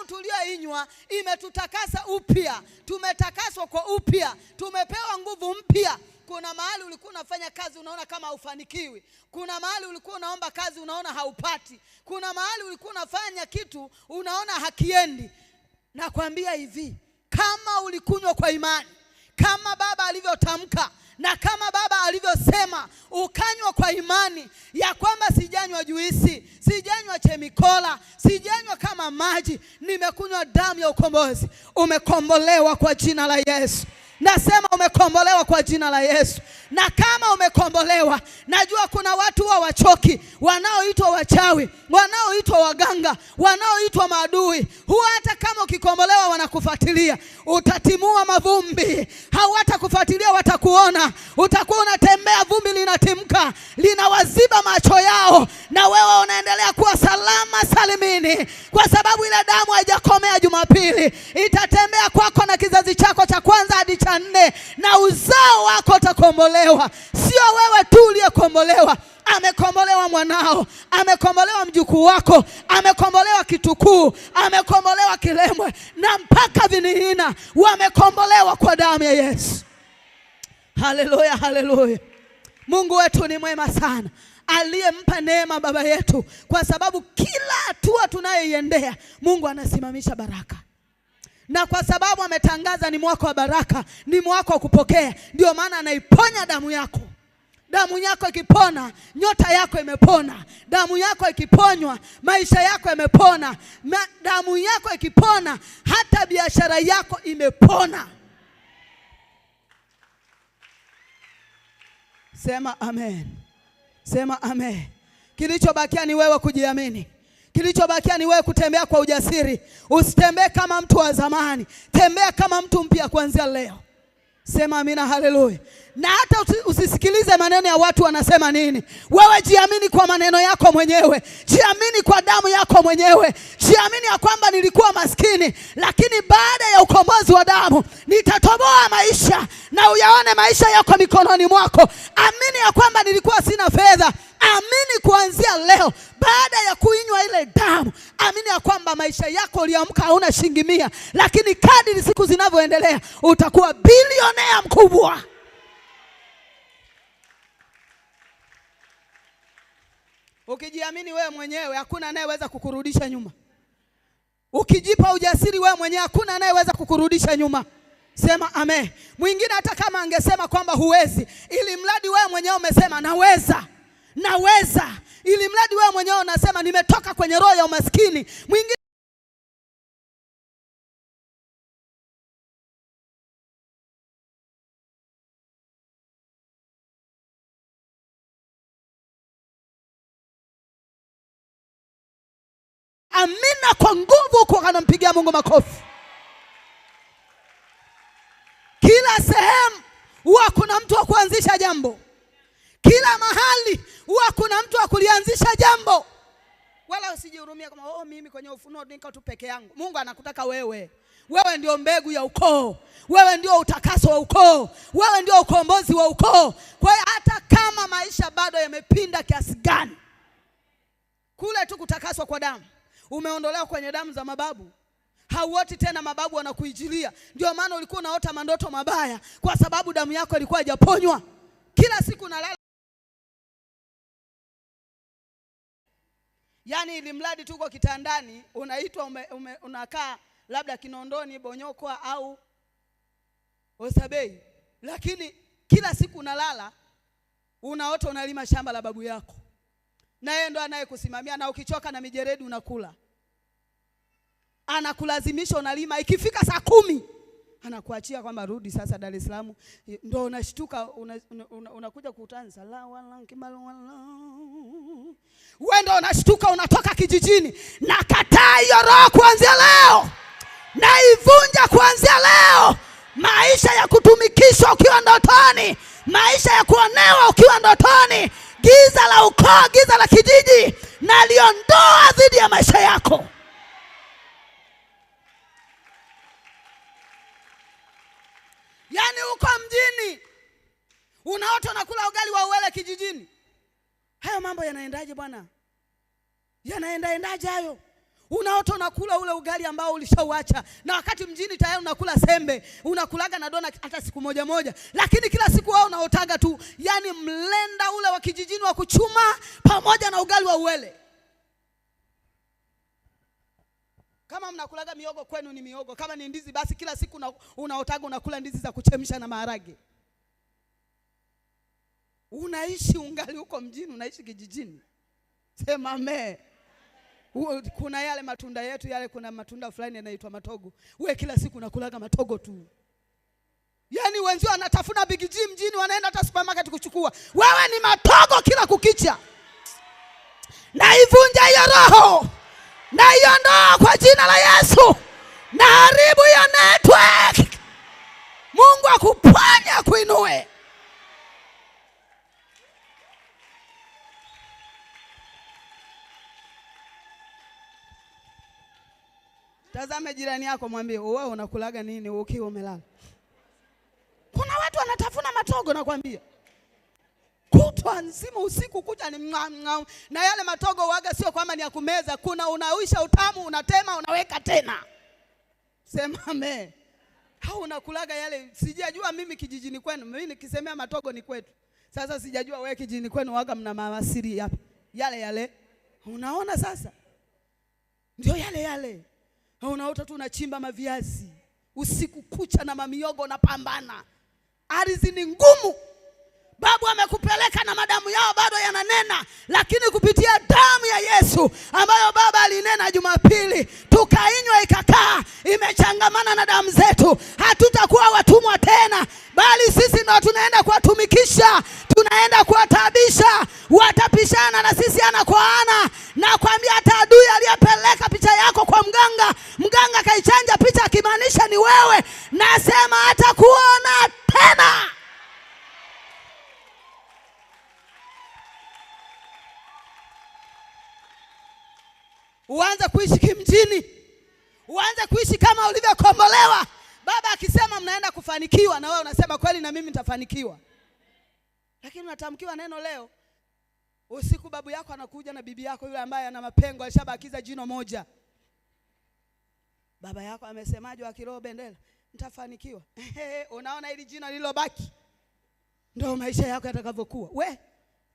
damu tuliyoinywa imetutakasa upya, tumetakaswa kwa upya, tumepewa nguvu mpya. Kuna mahali ulikuwa unafanya kazi unaona kama haufanikiwi. Kuna mahali ulikuwa unaomba kazi unaona haupati. Kuna mahali ulikuwa unafanya kitu unaona hakiendi. Nakwambia hivi, kama ulikunywa kwa imani kama Baba alivyotamka na kama Baba alivyosema, ukanywa kwa imani ya kwamba sijanywa juisi, sijanywa chemikola, sijanywa kama maji, nimekunywa damu ya ukombozi. Umekombolewa kwa jina la Yesu. Nasema umekombolewa kwa jina la Yesu. Na kama umekombolewa, najua kuna watu wa wachoki, wanaoitwa wachawi, wanaoitwa waganga, wanaoitwa maadui. Huwa hata kama ukikombolewa wanakufuatilia, utatimua mavumbi, hawatakufuatilia, watakuona. Utakuwa unatembea, vumbi linatimka, linawaziba macho yao, na wewe unaendelea kuwa salama salimini, kwa sababu ile damu haijakomea. Jumapili itatembea kwa cha nne, na uzao wako utakombolewa. Sio wewe tu uliyekombolewa, amekombolewa mwanao, amekombolewa mjukuu wako, amekombolewa kitukuu, amekombolewa Kilemwe na mpaka Vinihina wamekombolewa kwa damu ya Yesu. Haleluya, haleluya! Mungu wetu ni mwema sana aliyempa neema baba yetu, kwa sababu kila hatua tunayoiendea Mungu anasimamisha baraka na kwa sababu ametangaza ni mwaka wa baraka, ni mwaka wa kupokea, ndio maana anaiponya damu yako. Damu yako ikipona, nyota yako imepona. Damu yako ikiponywa, maisha yako yamepona. Damu yako ikipona, hata biashara yako imepona. Sema amen, sema amen. Kilichobakia ni wewe kujiamini. Kilichobakia ni wewe kutembea kwa ujasiri. Usitembee kama mtu wa zamani, tembea kama mtu mpya kuanzia leo. Sema amina, haleluya. Na hata usisikilize maneno ya watu wanasema nini. Wewe jiamini kwa maneno yako mwenyewe, jiamini kwa damu yako mwenyewe, jiamini ya kwamba nilikuwa maskini, lakini baada ya ukombozi wa damu nitatoboa maisha na uyaone maisha yako mikononi mwako. Amini ya kwamba nilikuwa sina fedha Amini kuanzia leo, baada ya kuinywa ile damu, amini ya kwamba maisha yako uliamka hauna shilingi mia, lakini kadri siku zinavyoendelea utakuwa bilionea mkubwa. Ukijiamini wewe mwenyewe, hakuna anayeweza kukurudisha nyuma. Ukijipa ujasiri wewe mwenyewe, hakuna anayeweza kukurudisha nyuma. Sema amen. Mwingine hata kama angesema kwamba huwezi, ili mradi wewe mwenyewe umesema naweza naweza, ili mradi wewe mwenyewe unasema nimetoka kwenye roho ya umaskini. Mwingine amina kwa nguvu huko, anampigia Mungu makofi kila sehemu huwa kuna mtu wa kuanzisha jambo, kila mahali huwa kuna mtu kulianzisha jambo, wala usijihurumie kama oh, mimi kwenye ufunuo niko tu peke yangu. Mungu anakutaka wewe. Wewe ndio mbegu ya ukoo, wewe ndio utakaso wa ukoo, wewe ndio ukombozi wa ukoo. Kwa hiyo hata kama maisha bado yamepinda kiasi gani, kule tu kutakaswa kwa damu, umeondolewa kwenye damu za mababu hauoti tena, mababu wanakuijilia. Ndio maana ulikuwa unaota mandoto mabaya, kwa sababu damu yako ilikuwa haijaponywa. Kila siku nalala yaani ili mradi tuko kitandani unaitwa ume, ume, unakaa labda Kinondoni, Bonyokwa au Osabei, lakini kila siku unalala unaota unalima shamba la babu yako, na yeye ndo anayekusimamia, na ukichoka na mijeredi unakula, anakulazimisha unalima. Ikifika saa kumi anakuachia kwamba rudi sasa Dar es Salaam, ndio unashtuka unakuja una, una kutanza la wala wewe unashtuka unatoka kijijini. Nakataa hiyo roho kuanzia leo, naivunja kuanzia leo. Maisha ya kutumikishwa ukiwa ndotoni, maisha ya kuonewa ukiwa ndotoni, giza la ukoo, giza la kijiji, naliondoa dhidi ya maisha yako. yaani huko mjini unaota unakula ugali wa uwele kijijini. Hayo mambo yanaendaje bwana? Yanaendaendaje hayo? Unaota unakula ule ugali ambao ulishauacha, na wakati mjini tayari unakula sembe, unakulaga na dona hata siku moja moja, lakini kila siku wao unaotaga tu, yaani mlenda ule wa kijijini wa kuchuma pamoja na ugali wa uwele. Kama mnakulaga miogo kwenu ni miogo, kama ni ndizi basi kila siku unaotaga unakula ndizi za kuchemsha na maharage. Unaishi ungali huko mjini, unaishi kijijini. Sema me. Kuna yale matunda yetu yale, kuna matunda fulani yanaitwa matogo. We kila siku unakulaga matogo tu. Yaani wenzio wanatafuna big G mjini wanaenda hata supermarket kuchukua. Wewe ni matogo kila kukicha. naivunja hiyo roho ndoa kwa jina la Yesu, na haribu hiyo network. Mungu akuponye akuinue. Tazame jirani yako, mwambie wewe unakulaga nini ukiwa umelala? Kuna watu wanatafuna matogo, nakwambia kutwa nzima usiku kucha ni mwanga, Na yale matogo waga sio kwamba ni ya kumeza, kuna unawisha utamu, unatema unaweka tena. Sema amen. Hao unakulaga yale, sijajua mimi kijijini kwenu, mimi nikisemea matogo ni kwetu. Sasa sijajua wewe kijijini kwenu waga mna mawasiri yapi? Yale yale. Unaona sasa? Ndio yale yale. Unaota tu unachimba maviazi usiku kucha na mamiogo, unapambana. Ardhi ni ngumu babu amekupeleka na madamu yao bado yananena, lakini kupitia damu ya Yesu ambayo baba alinena Jumapili tukainywa ikakaa, imechangamana na damu zetu. Hatutakuwa watumwa tena, bali sisi ndo tunaenda kuwatumikisha, tunaenda kuwataabisha. Watapishana na sisi ana kwa ana. Nakwambia hata adui aliyepeleka picha yako kwa mganga, mganga kaichanja picha akimaanisha ni wewe, nasema hata kuona tena. uanze kuishi kimjini, uanze kuishi kama ulivyokombolewa. Baba akisema mnaenda kufanikiwa, na wewe unasema kweli, na mimi nitafanikiwa. Lakini unatamkiwa neno leo usiku, babu yako anakuja na bibi yako yule ambaye ana mapengo, alishabakiza jino moja. Baba yako amesemaje wa kiroho Bendela? Nitafanikiwa. Unaona ili jino lililobaki ndio maisha yako yatakavyokuwa. We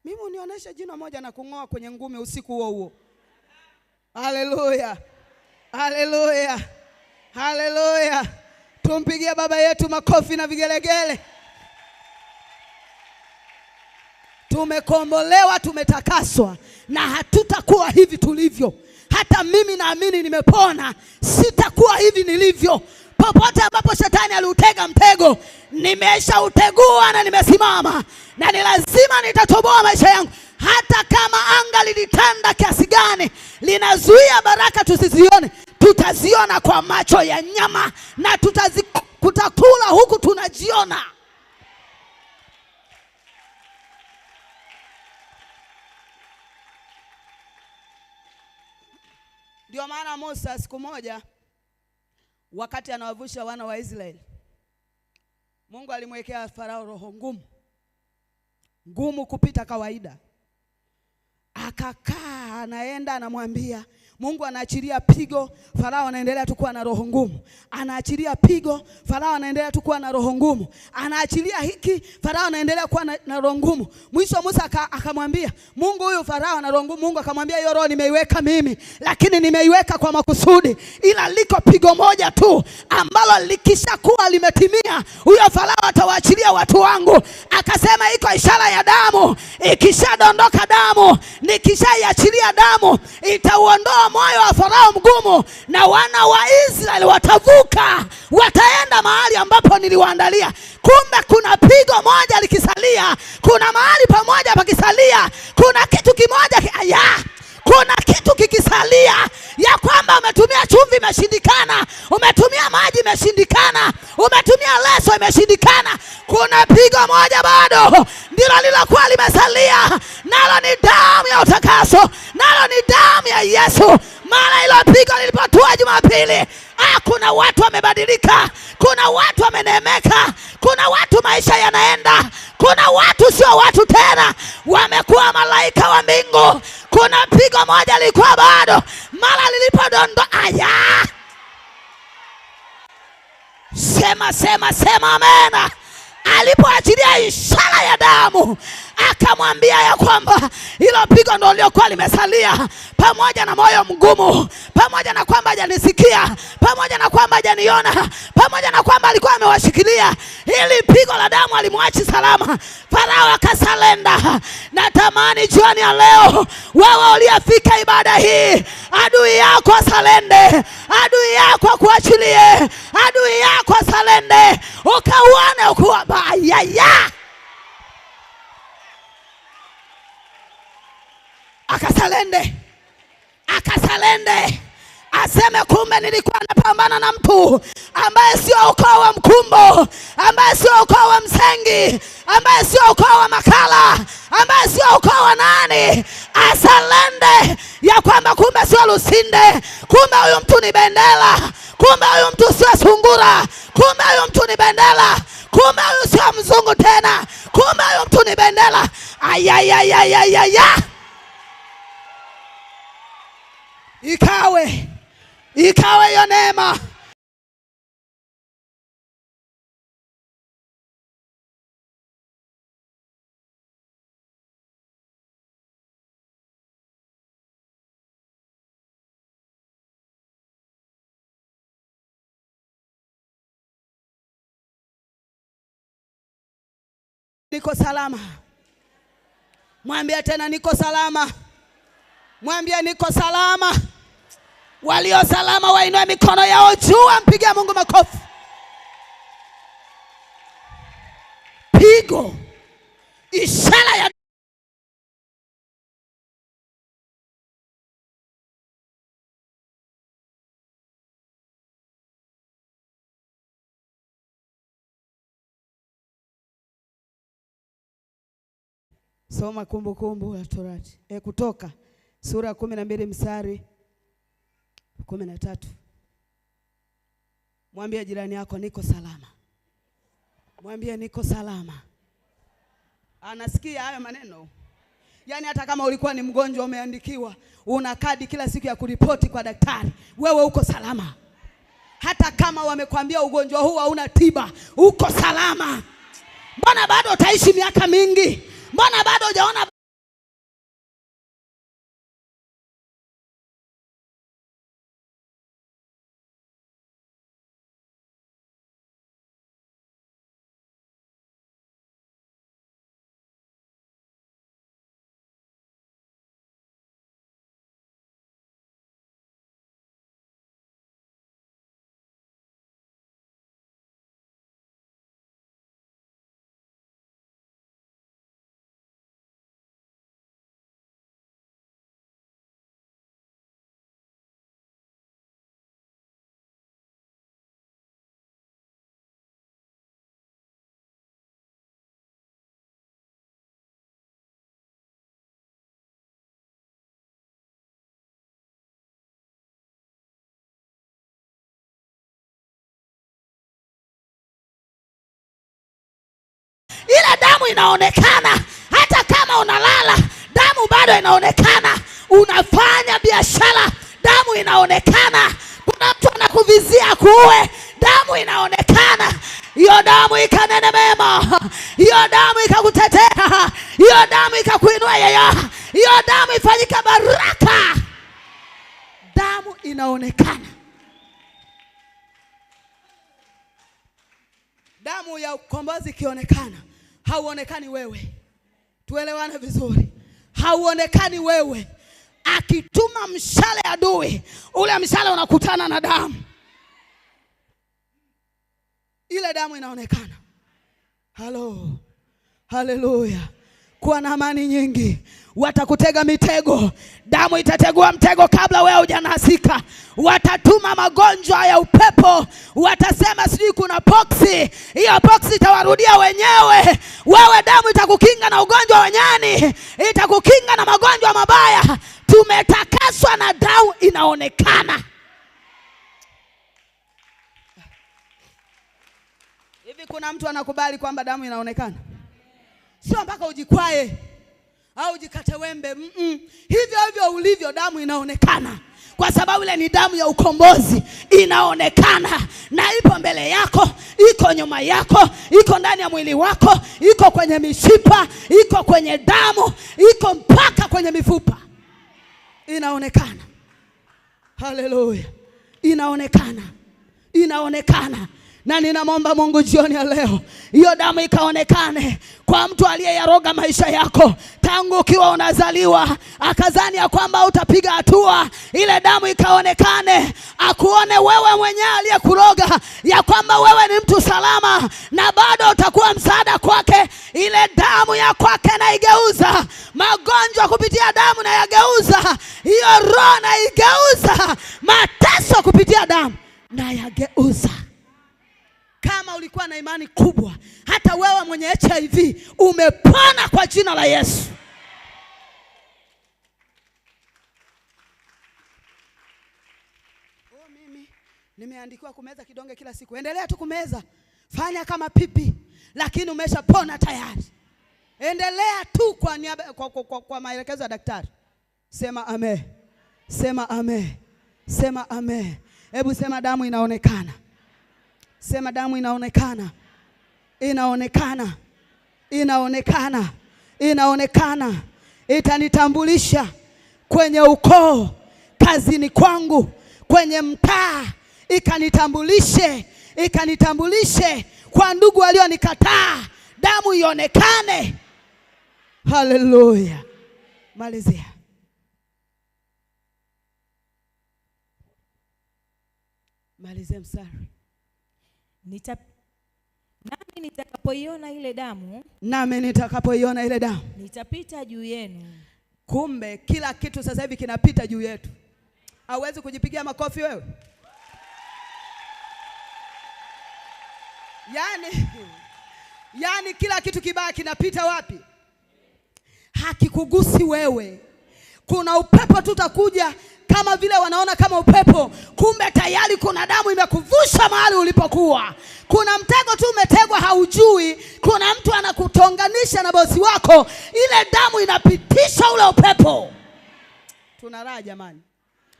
mimi unionyeshe jino moja na kung'oa kwenye ngumi usiku huo huo. Haleluya, haleluya, haleluya! Tumpigie baba yetu makofi na vigelegele. Tumekombolewa, tumetakaswa na hatutakuwa hivi tulivyo. Hata mimi naamini nimepona, sitakuwa hivi nilivyo. Popote ambapo shetani aliutega mtego, nimeshautegua na nimesimama, na ni lazima nitatoboa maisha yangu hata kama anga lilitanda kiasi gani, linazuia baraka tusizione, tutaziona kwa macho ya nyama na tutazikutakula huku tunajiona. Ndio maana Musa siku moja wakati anawavusha wana wa Israeli, Mungu alimwekea Farao roho ngumu ngumu kupita kawaida akakaa, anaenda anamwambia Mungu anaachilia pigo, Farao anaendelea tu kuwa na roho ngumu. Anaachilia pigo, Farao anaendelea tu kuwa na roho ngumu. Anaachilia hiki, Farao anaendelea kuwa na, na roho ngumu. Mwisho Musa akamwambia, Mungu huyu Farao ana roho ngumu. Mungu akamwambia, hiyo roho nimeiweka mimi, lakini nimeiweka kwa makusudi. Ila liko pigo moja tu ambalo likishakuwa limetimia, huyo Farao atawaachilia watu wangu. Akasema iko ishara ya damu, ikishadondoka damu, nikishaiachilia damu itauondoa kuondoa moyo wa Farao mgumu, na wana wa Israeli watavuka, wataenda mahali ambapo niliwaandalia. Kumbe kuna pigo moja likisalia, kuna mahali pamoja pakisalia, kuna kitu kimoja ki kuna kitu kikisalia, ya kwamba umetumia chumvi imeshindikana, umetumia maji imeshindikana, umetumia leso imeshindikana, kuna pigo moja bado ndilo lilokuwa limesalia, nalo ni damu ya utakaso, nalo ni damu ya Yesu. Mara ilo pigo lilipotua Jumapili, ah, kuna watu wamebadilika, kuna watu wameneemeka, kuna watu maisha yanaenda, kuna watu sio watu tena, wamekuwa malaika wa mbingu. Kuna pigo moja lilikuwa bado mara lilipodondoka aya, sema sema sema, amena, alipoachilia ishara ya damu akamwambia ya kwamba hilo pigo ndio liokuwa limesalia, pamoja na moyo mgumu, pamoja na kwamba hajanisikia, pamoja na kwamba hajaniona, pamoja na kwamba alikuwa amewashikilia, hili pigo la damu alimwachi salama. Farao akasalenda. Natamani jioni ya leo, wewe uliyefika ibada hii, adui yako asalende, adui yako akuachilie, adui yako asalende, ukauane ukuwa bayaya akasalende, akasalende aseme kumbe nilikuwa napambana na mtu ambaye sio ukoo wa Mkumbo, ambaye sio ukoo wa Msengi, ambaye sio ukoo wa Makala, ambaye sio ukoo wa nani. Asalende ya kwamba kumbe sio Lusinde, kumbe huyu mtu ni Bendela, kumbe huyu mtu sio Sungura, kumbe huyu mtu ni Bendela, kumbe huyu sio mzungu tena, kumbe huyu mtu ni Bendela. ayayayayaya ikawe ikawe hiyo neema Niko salama. Mwambia tena niko salama. Mwambia niko salama. Walio salama wainue mikono yao juu, ampigia Mungu makofi. Pigo, ishara ya soma Kumbukumbu la Torati e, Kutoka sura ya kumi na mbili mstari kumi na tatu. Mwambie jirani yako niko salama, mwambie niko salama. Anasikia hayo maneno? Yaani hata kama ulikuwa ni mgonjwa umeandikiwa, una kadi kila siku ya kuripoti kwa daktari, wewe uko salama. Hata kama wamekwambia ugonjwa huu hauna tiba, uko salama. Mbona bado utaishi miaka mingi? Mbona bado hujaona damu inaonekana, hata kama unalala damu bado inaonekana. Unafanya biashara, damu inaonekana. Kuna mtu anakuvizia kuue, damu inaonekana. Hiyo damu ikanene mema, hiyo damu ikakutetea, hiyo damu ikakuinua yeye, hiyo damu ifanyika baraka. Damu inaonekana, damu ya ukombozi ikionekana hauonekani wewe, tuelewane vizuri, hauonekani wewe. Akituma mshale adui, ule mshale unakutana na damu, ile damu inaonekana. Halo, haleluya kuwa na amani nyingi. Watakutega mitego, damu itategua mtego kabla wewe hujanasika. Watatuma magonjwa ya upepo, watasema sijui kuna poksi. Hiyo poksi itawarudia wenyewe. Wewe damu itakukinga na ugonjwa wa nyani, itakukinga na magonjwa mabaya. Tumetakaswa na damu inaonekana hivi. Kuna mtu anakubali kwamba damu inaonekana? sio mpaka ujikwae au ujikate wembe mm -mm. Hivyo hivyo ulivyo, damu inaonekana, kwa sababu ile ni damu ya ukombozi, inaonekana na ipo mbele yako, iko nyuma yako, iko ndani ya mwili wako, iko kwenye mishipa, iko kwenye damu, iko mpaka kwenye mifupa, inaonekana. Haleluya, inaonekana, inaonekana na ninamwomba Mungu jioni ya leo hiyo damu ikaonekane kwa mtu aliyeyaroga maisha yako tangu ukiwa unazaliwa, akazani ya kwamba utapiga hatua. Ile damu ikaonekane, akuone wewe mwenyewe aliyekuroga, ya kwamba wewe ni mtu salama na bado utakuwa msaada kwake. Ile damu ya kwake naigeuza magonjwa kupitia damu, na yageuza hiyo roho, naigeuza mateso kupitia damu, na yageuza ulikuwa na imani kubwa, hata wewe mwenye HIV umepona kwa jina la Yesu. Oh, nimeandikiwa kumeza kidonge kila siku. Endelea tu kumeza, fanya kama pipi, lakini umeshapona tayari. Endelea tu kwa, niaba, kwa, kwa, kwa, kwa maelekezo ya daktari. Sema ame, sema ame, sema ame Hebu sema damu inaonekana. Sema damu inaonekana, inaonekana, inaonekana, inaonekana, itanitambulisha kwenye ukoo, kazini kwangu, kwenye mtaa, ikanitambulishe, ikanitambulishe kwa ndugu walionikataa, damu ionekane. Haleluya! Malizia. Malizia msari nami nitakapoiona ile damu, nami nitakapoiona ile damu nitapita juu yenu. Kumbe kila kitu sasa hivi kinapita juu yetu. Hauwezi kujipigia makofi wewe? Yaani, yaani kila kitu kibaya kinapita wapi? Hakikugusi wewe. Kuna upepo tutakuja kama vile wanaona kama upepo, kumbe tayari kuna damu imekuvusha mahali ulipokuwa. Kuna mtego tu umetegwa, haujui. Kuna mtu anakutonganisha na bosi wako, ile damu inapitisha ule upepo. Tuna raha jamani,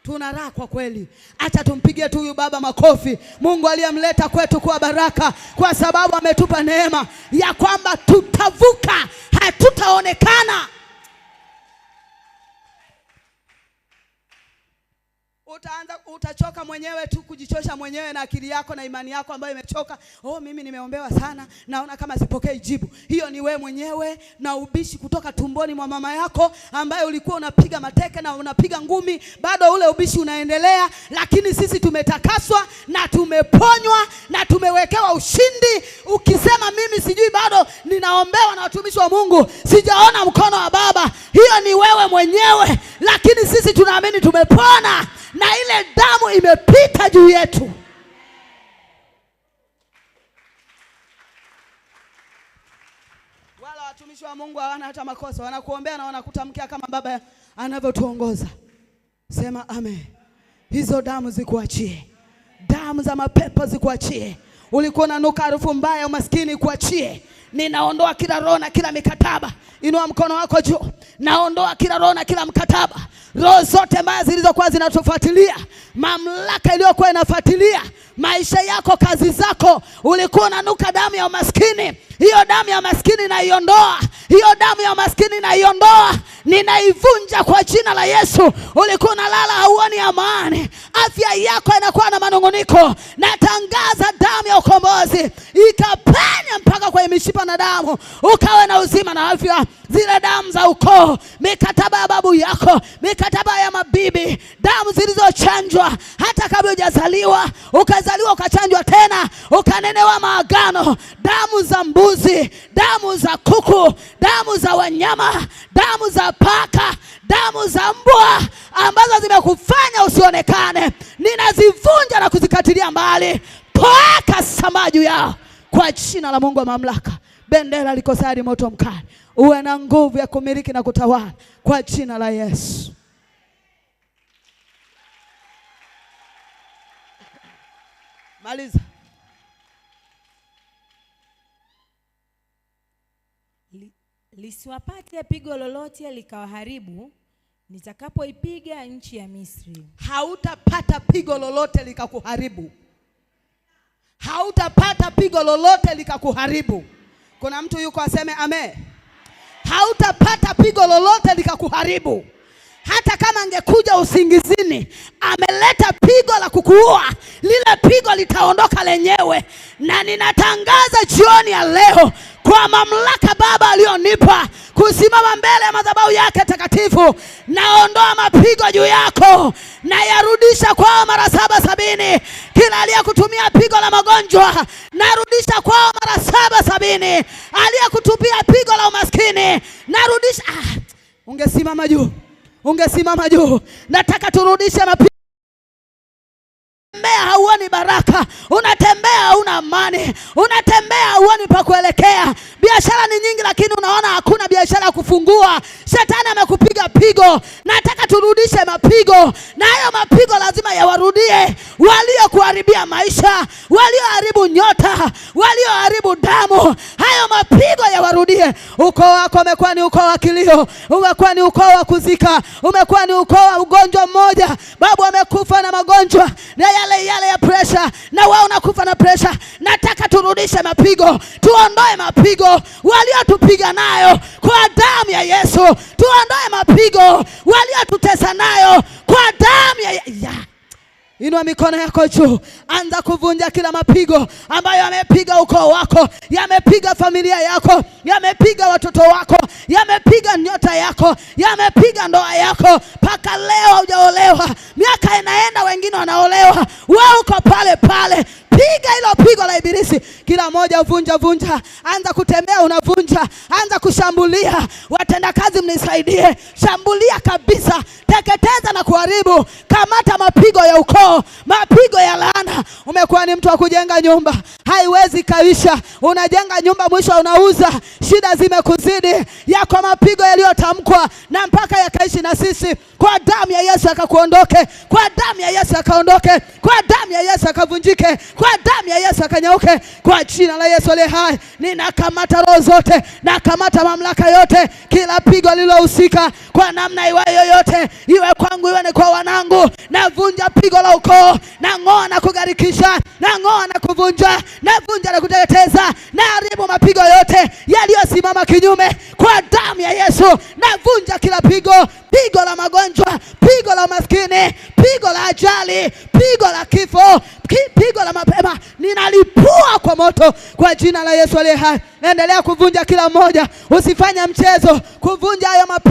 tuna raha kwa kweli. Acha tumpigie tu huyu baba makofi, Mungu aliyemleta kwetu kwa baraka, kwa sababu ametupa neema ya kwamba tutavuka, hatutaonekana utaanza utachoka mwenyewe tu kujichosha mwenyewe na akili yako na imani yako ambayo imechoka. Oh, mimi nimeombewa sana, naona kama sipokei jibu. Hiyo ni we mwenyewe na ubishi kutoka tumboni mwa mama yako ambaye ulikuwa unapiga mateke na unapiga ngumi, bado ule ubishi unaendelea. Lakini sisi tumetakaswa na tumeponywa na tumewekewa ushindi. Ukisema mimi sijui, bado ninaombewa na watumishi wa Mungu, sijaona mkono wa Baba, hiyo ni wewe mwenyewe, lakini sisi tunaamini tumepona na ile damu imepita juu yetu. Wala watumishi wa Mungu hawana hata makosa, wanakuombea na wanakutamkia kama baba anavyotuongoza. Sema amen. Hizo damu zikuachie, damu za mapepo zikuachie Ulikuwa unanuka harufu mbaya, umaskini kuachie. Ninaondoa kila roho na kila mikataba. Inua mkono wako juu. Naondoa kila roho na kila mkataba, roho zote mbaya zilizokuwa zinatufuatilia, mamlaka iliyokuwa inafuatilia maisha yako, kazi zako. Ulikuwa unanuka damu ya umaskini hiyo damu ya maskini naiondoa, hiyo damu ya maskini naiondoa, ninaivunja kwa jina la Yesu. Ulikuwa unalala hauoni amani, afya yako inakuwa na manunguniko. Natangaza damu ya ukombozi ikapenya mpaka kwenye mishipa na damu, ukawe na uzima na afya zile damu za ukoo, mikataba ya babu yako, mikataba ya mabibi, damu zilizochanjwa hata kabla hujazaliwa, ukazaliwa ukachanjwa tena, ukanenewa maagano, damu za mbuzi, damu za kuku, damu za wanyama, damu za paka, damu za mbwa ambazo zimekufanya usionekane, ninazivunja na kuzikatilia mbali. Poaka samaju yao kwa jina la Mungu wa mamlaka. Bendera likosari moto mkali uwe na nguvu ya kumiliki na kutawala kwa jina la Yesu. Maliza. Lisiwapate pigo lolote likawaharibu nitakapoipiga nchi ya Misri. Hautapata pigo lolote likakuharibu. Hautapata pigo lolote likakuharibu. Kuna mtu yuko aseme amen hautapata pigo lolote likakuharibu. Hata kama angekuja usingizini, ameleta pigo la kukuua, lile pigo litaondoka lenyewe, na ninatangaza jioni ya leo kwa mamlaka Baba aliyonipa kusimama mbele ya madhabahu yake takatifu, naondoa mapigo juu yako, nayarudisha kwao mara saba sabini. Kila aliyekutumia pigo la magonjwa narudisha kwao mara saba sabini. Aliyekutupia pigo la umaskini narudisha. Ah, ungesimama juu, ungesimama juu. Nataka turudishe mapigo. Mbea hauoni baraka una amani, unatembea uoni pa kuelekea, Biashara ni nyingi, lakini unaona hakuna biashara ya kufungua. Shetani amekupiga pigo, nataka turudishe mapigo, na hayo mapigo lazima yawarudie waliokuharibia maisha, walioharibu nyota, walioharibu damu. Hayo mapigo yawarudie. Ukoo wako umekuwa ni ukoo wa kilio, umekuwa ni ukoo wa kuzika, umekuwa ni ukoo wa ugonjwa mmoja. Babu amekufa na magonjwa na yale yale ya presha, na wewe unakufa na presha. Nataka turudishe mapigo, tuondoe mapigo waliotupiga nayo kwa damu ya Yesu, tuondoe mapigo waliotutesa nayo kwa damu ya ya Inua mikono yako juu, anza kuvunja kila mapigo ambayo yamepiga ukoo wako, yamepiga familia yako, yamepiga watoto wako, yamepiga nyota yako, yamepiga ndoa yako. Mpaka leo hujaolewa, miaka inaenda, wengine wanaolewa, wewe uko pale pale piga hilo pigo la ibilisi, kila moja vunja vunja, anza kutembea unavunja, anza kushambulia. Watendakazi mnisaidie, shambulia kabisa, teketeza na kuharibu, kamata mapigo ya ukoo, mapigo ya laana. Umekuwa ni mtu wa kujenga nyumba, haiwezi kaisha, unajenga nyumba, mwisho unauza, shida zimekuzidi, yako mapigo yaliyotamkwa na mpaka yakaishi na sisi. Kwa damu ya Yesu akakuondoke, kwa damu ya Yesu akaondoke, kwa damu ya Yesu akavunjike, kwa damu ya Yesu akanyauke, kwa jina la Yesu aliye hai. Ninakamata roho zote, nakamata mamlaka yote, kila pigo lilohusika kwa namna iwe yoyote, iwe kwangu, iwe ni kwa wanangu, navunja pigo la ukoo, nang'oa na kugarikisha, nang'oa na kuvunja, navunja na kuteketeza, naharibu mapigo yote yaliyosimama kinyume, kwa damu ya Yesu navunja kila pigo, pigo la magonjwa, pigo la maskini, pigo la ajali, pigo la kifo kifo, pigo la mapema ninalipua kwa moto kwa jina la Yesu aliye hai. Endelea kuvunja kila mmoja, usifanya mchezo kuvunja hayo mapigo.